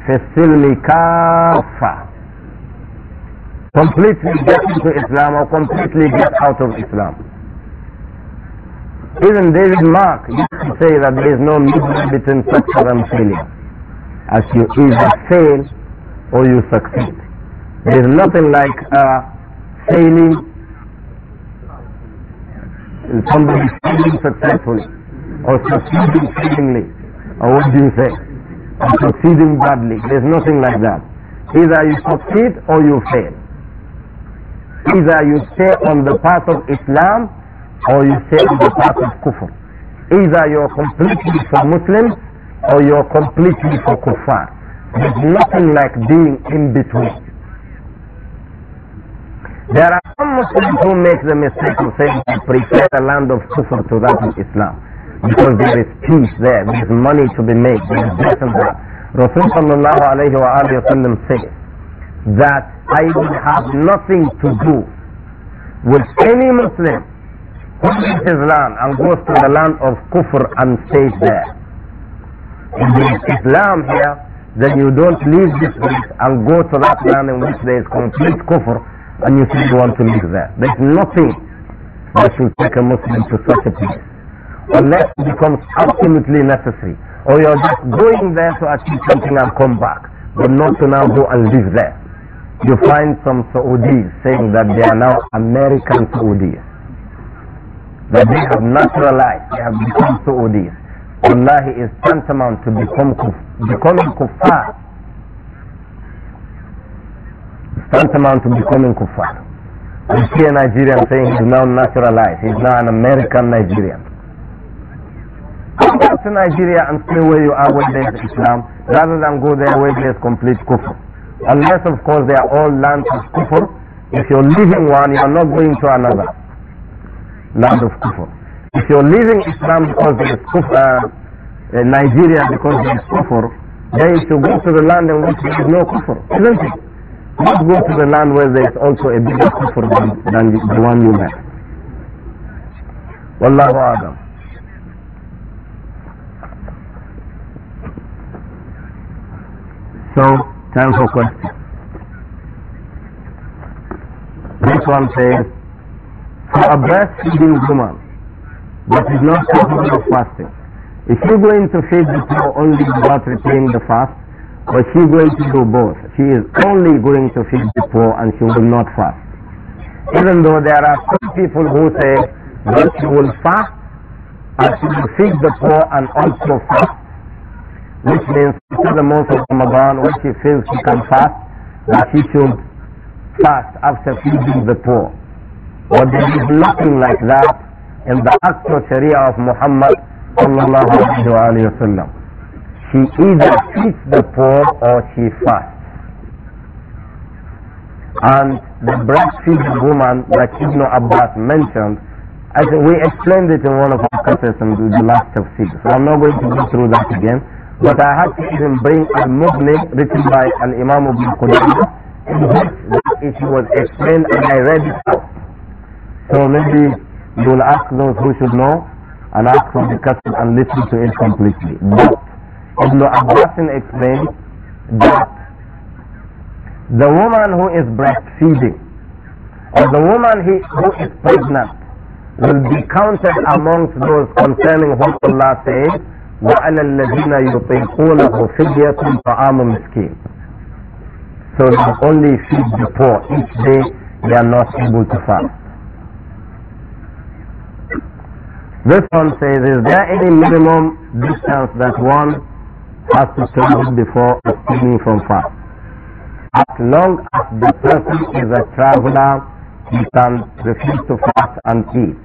fi Completely get into Islam or completely get out of Islam. Even David Mark used to say that there is no middle between success and failure. As you either fail or you succeed. There is nothing like uh, failing, somebody failing successfully, or succeeding failingly, or uh, what do you say? Or succeeding badly. There is nothing like that. Either you succeed or you fail. Either you stay on the path of Islam or you say on the part of kufr. Either you're completely for Muslims or you're completely for kuffar. There's nothing like being in between. There are some Muslims who make the mistake of saying they prefer the land of kufr to that of Islam because there is peace there, there is money to be made, there is this and that. Rasul sallallahu alayhi wa alayhi says that I will have nothing to do with any Muslim who his land and goes to the land of kufr and stays there. If there is Islam here, then you don't leave this place and go to that land in which there is complete kufr and you still want to live there. There's nothing that should take a Muslim to such a place unless it becomes absolutely necessary or you're just going there to achieve something and come back but not to now go and live there. You find some Saudis saying that they are now American Saudis that they have naturalized, they have become Saudis. Allah is tantamount to become kuf, becoming kuffar. Tantamount to becoming kuffar. You see a Nigerian saying he's now naturalized, he's now an American Nigerian. Come back to Nigeria and stay where you are when there's Islam, rather than go there where there's complete kufr. Unless, of course, they are all lands of kufr. If you're leaving one, you are not going to another land of kufr. If you're leaving Islam because there is kufr, uh, uh, Nigeria because there is kufr, then you should go to the land in which there is no kufr, isn't it? Not go to the land where there is also a bigger kufr than, than the, the one you left. Wallahu Adam. So, time for questions. This one says, for a breastfeeding woman that is not capable of fasting, is she going to feed the cow only without repeating the fast, or is she going to do both? She is only going to feed the poor and she will not fast. Even though there are some people who say that she will fast and she will feed the poor and also fast, which means after the month of Ramadan, when she feels she can fast, that she should fast after feeding the poor. But there is nothing like that in the actual Sharia of Muhammad sallallahu She either feeds the poor or she fasts. And the breastfeeding woman that Ibn Abbas mentioned, I think we explained it in one of our classes in the last of so I'm not going to go through that again. But I had to even bring a mughni written by an imam Ibn Qudamah in which that issue was explained and I read it out. So maybe you will ask those who should know and ask from the custom and listen to it completely. But Ibn Abbas explained that the woman who is breastfeeding or the woman he, who is pregnant will be counted amongst those concerning what Allah says وعلى الذين يطيقونه فدية طعام مسكين so they only feed the poor each day they are not able to fast This one says, is there any minimum distance that one has to travel before abstaining from fast? As long as the person is a traveler, he can refuse to fast and eat.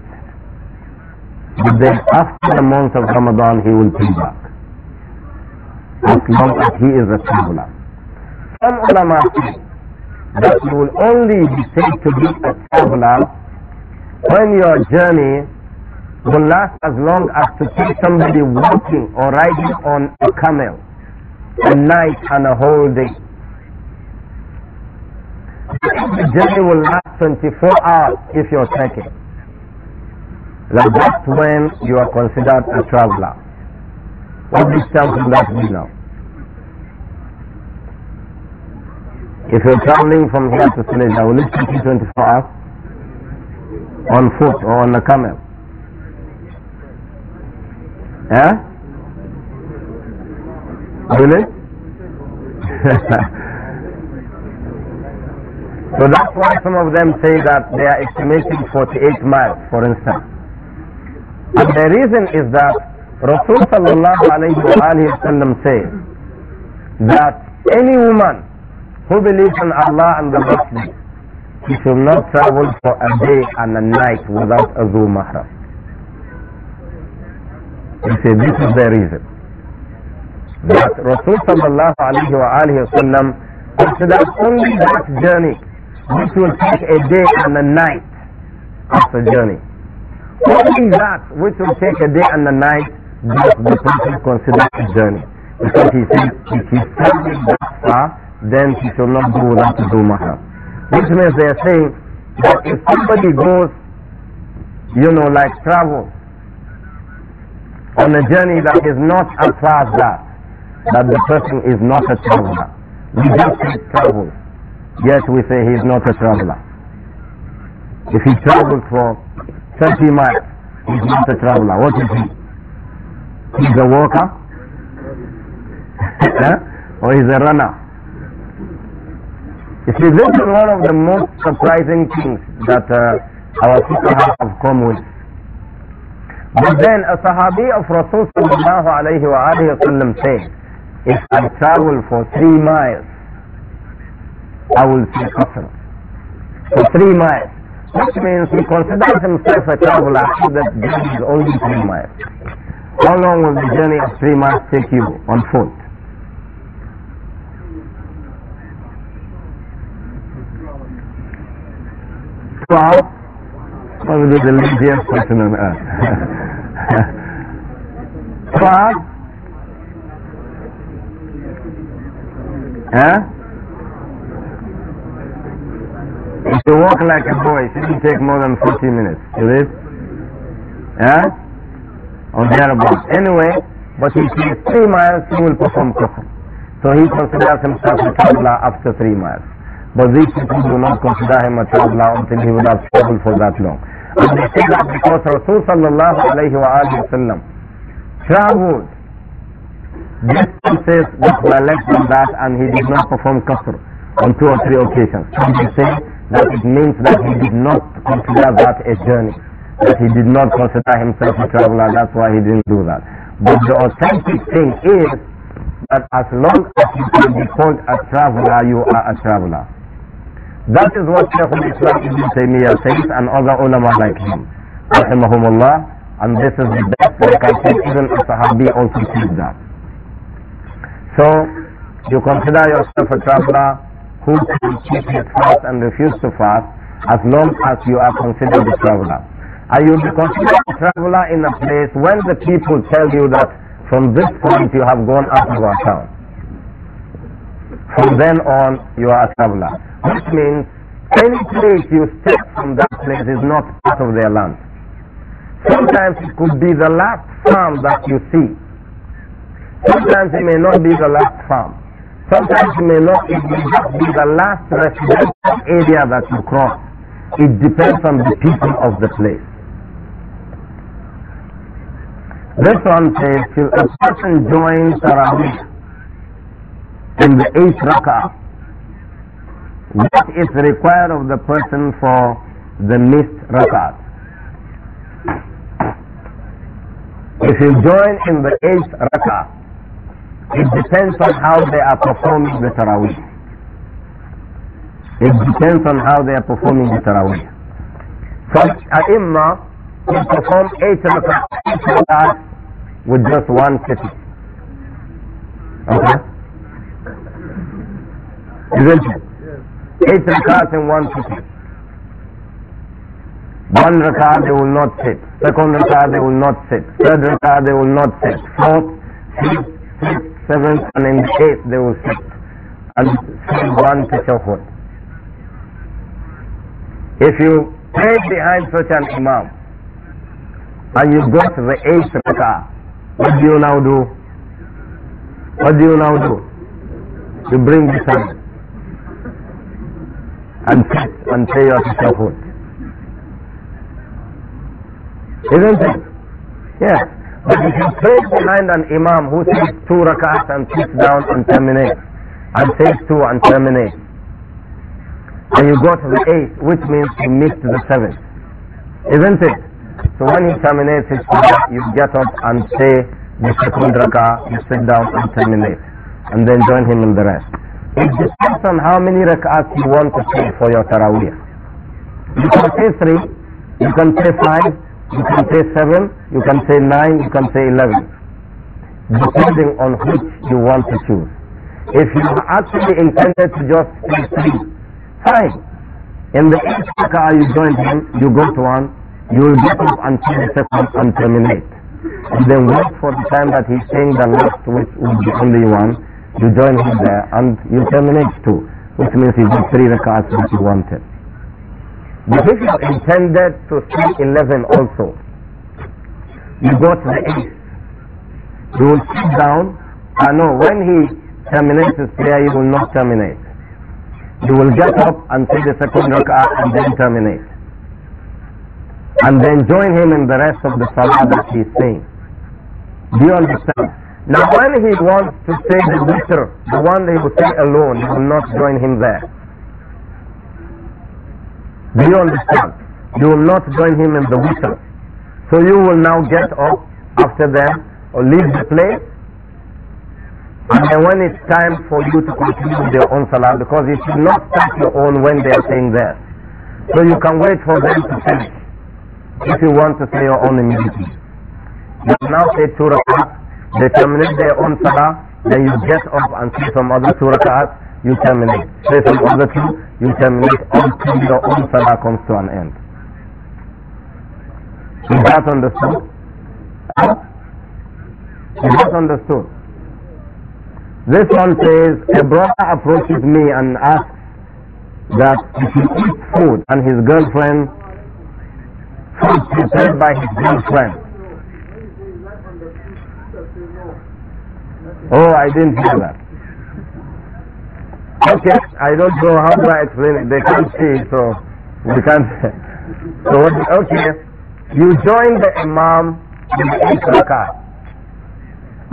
But then after the month of Ramadan, he will come back. As long as he is a traveler. Some ulama say that you will only be said to be a traveler when your journey will last as long as to take somebody walking or riding on a camel a night and a whole day. The journey will last 24 hours if you're trekking. that's when you are considered a traveler. What does that mean now? If you're traveling from here to Senegal, will it take you 24 hours? On foot or on a camel? Huh? Really? so that's why some of them say that they are estimating 48 miles, for instance. And the reason is that Rasul sallallahu said that any woman who believes in Allah and the Muslims, she should not travel for a day and a night without a zoo mahram. He say this is the reason. But Rasul sallallahu alayhi wa alayhi wa sallam considered only that journey which will take a day and a night as a journey. Only that which will take a day and a night that the person consider a journey. Because he said if he travels that far, then he shall not do without to do mahram. Which means they are saying that if somebody goes, you know, like travel, on a journey that is not a far that, that the person is not a traveler. We just say travel, yet we say he is not a traveler. If he travels for 30 miles, he is not a traveler. What is he? He's a walker? [laughs] or he's a runner? You see, this is one of the most surprising things that uh, our people have come with. But then a Sahabi of Rasul sallallahu alayhi wa alayhi said, if I travel for three miles, I will see Qasr. For three miles. Which means he considers himself a traveler so that journey is only three miles. How long will the journey of three miles take you on foot? Two Probably the laziest person on earth. but, huh? If you walk like a boy, it shouldn't take more than 40 minutes, you it? Huh? Or thereabouts. Anyway, but if he is three miles, he will perform kufr. So he considers himself a traveler after three miles. But these people do not consider him a traveler until he would have traveled for that long. And they say because Rasul sallallahu alayhi wa sallam traveled this says that we less than that and he did not perform qasr on two or three occasions. So they say that it means that he did not consider that a journey, that he did not consider himself a traveler, that's why he didn't do that. But the authentic thing is that as long as you can be called a traveler, you are a traveler. That is what Shaykh al-Islam Ibn Taymiyyah says and other ulama like him. Rahimahumullah. And this is the best, that I said, even a Sahabi also says that. So, you consider yourself a traveler who can keep his fast and refuse to fast as long as you are considered a traveler. Are you considered a traveler in a place when the people tell you that from this point you have gone out of our town? From then on, you are a traveler. Which means any place you step from that place is not part of their land. Sometimes it could be the last farm that you see. Sometimes it may not be the last farm. Sometimes it may not it may be the last residential area that you cross. It depends on the people of the place. This one says, till a person joins Tarawih in the eighth rak'ah. What is required of the person for the missed rak'at? If you join in the eighth rak'ah, it depends on how they are performing the tarawih. It depends on how they are performing the tarawih. an ai will perform eight rak'ahs with just one sitting. Okay? Isn't it? Eight rakats in one sitting. One rakat they will not sit. Second rakat they will not sit. Third rakat they will not sit. Fourth, fifth, sixth, seventh, and in the eighth they will sit. And sit one to shahwat. If you pray behind such an imam and you got the eighth rakat, what do you now do? What do you now do? You bring the sun and catch and pay your tashahud. Isn't it? Yes. But you can pray behind an imam who says two rakats and sits down and terminates. And says two and terminates. And you go to the eighth, which means you missed the seventh. Isn't it? So when he terminates his salah, you get up and say the second rak'ah, you sit down and terminate. And then join him in the rest. It depends on how many rak'ahs you want to pray for your tarawih. You can say three, you can say five, you can say seven, you can say nine, you can say eleven, depending on which you want to choose. If you actually intended to just say three, fine. In the eighth rak'ah you join him, you go to one, you will get up and say the second and terminate. And then wait for the time that he's saying the last, which will be only one, you join him there and you terminate two, which means you did three rak'ahs that you wanted. But if you intended to sleep 11 also, you go to the eighth. You will sit down. and know when he terminates his prayer, you will not terminate. You will get up and say the second rak'ah and then terminate. And then join him in the rest of the salah that he is saying. Do you understand? Now when he wants to say the witr, the one that he will say alone, you will not join him there. Do you understand? You will not join him in the witr. So you will now get up after them or leave the place. And then when it's time for you to continue your own salah, because you should not start your own when they are saying theirs. So you can wait for them to finish if you want to say your own immediately. You now say two rakats they terminate their own salah, then you get up and say some other two rak'ahs, you terminate. Say some other two, you terminate until your own salah comes to an end. Is that understood? Is that understood? This one says, a brother approaches me and asks that if he eats food and his girlfriend, food prepared by his girlfriend, Oh, I didn't hear that. Okay, I don't know how to explain it. They can't see, so we can't. [laughs] so okay, you join the Imam in eight rakah,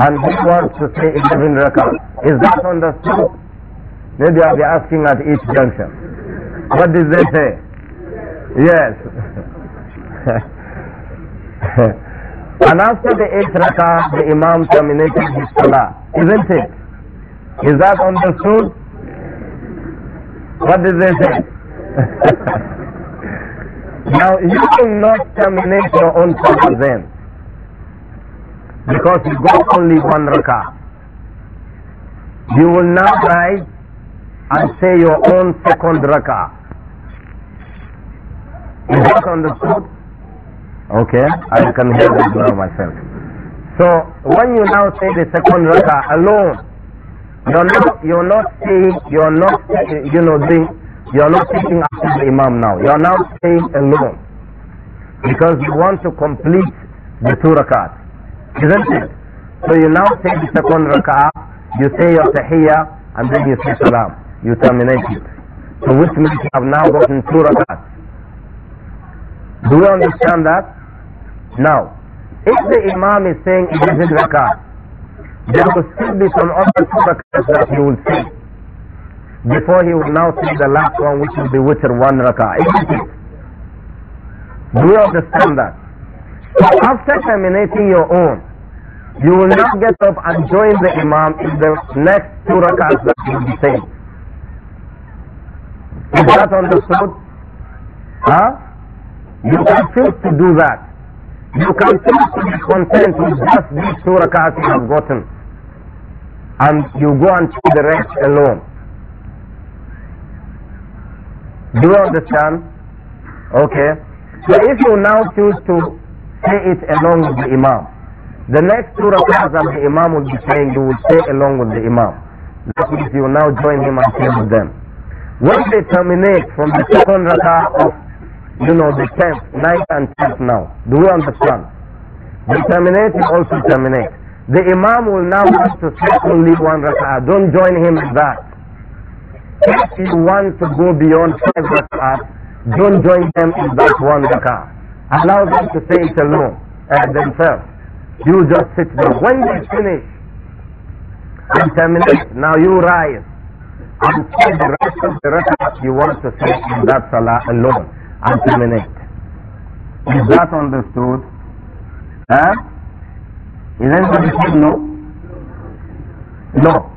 and he wants to say eleven rakah. Is that understood? Maybe I'll be asking at each junction. What did they say? Yes. [laughs] and after the eight rakah, the Imam terminated his salah. Isn't it? Is that understood? What did they say? now you will not terminate your own salah then because you got only one rakah. You will now rise and say your own second rakah. Is that understood? Okay, I can hear that now myself. So when you now say the second rakah alone, you're not you're not saying you're not you know the you're not taking after the imam now. You're now saying alone because you want to complete the two rakat, isn't it? So you now say the second rakah, you say your tahiyyah, and then you say salam. You terminate it. So which means you have now gotten two rakat. Do you understand that? Now, if the Imam is saying it is in rakah, there will still be some other two rakahs that he will say before he will now say the last one which will be witr one rakah, isn't it? Do you understand that? So after terminating your own, you will not get up and join the Imam in the next two rakahs that you will be saying. Is that understood? Huh? You can choose to do that. You can to be content with just these two rak'ahs you have gotten. And you go and do the rest alone. Do you understand? Okay. So if you now choose to say it along with the Imam, the next two rak'ahs that the Imam will be saying, you will say along with the Imam. That means you now join him and say with them. When they terminate from the second rak'ah of you know, the 10th, 9th and 10th now. Do we understand? They terminate, you also terminate. The Imam will now have to say only one rak'ah. Don't join him in that. If you want to go beyond five rak'ah, don't join them in that one rak'ah. Allow them to say it alone, uh, themselves. You just sit there. When they finish and terminate, now you rise and say the rest of the rak'ah you want to say in that salah alone and terminate. Is that understood? Huh? Is anybody saying no? No.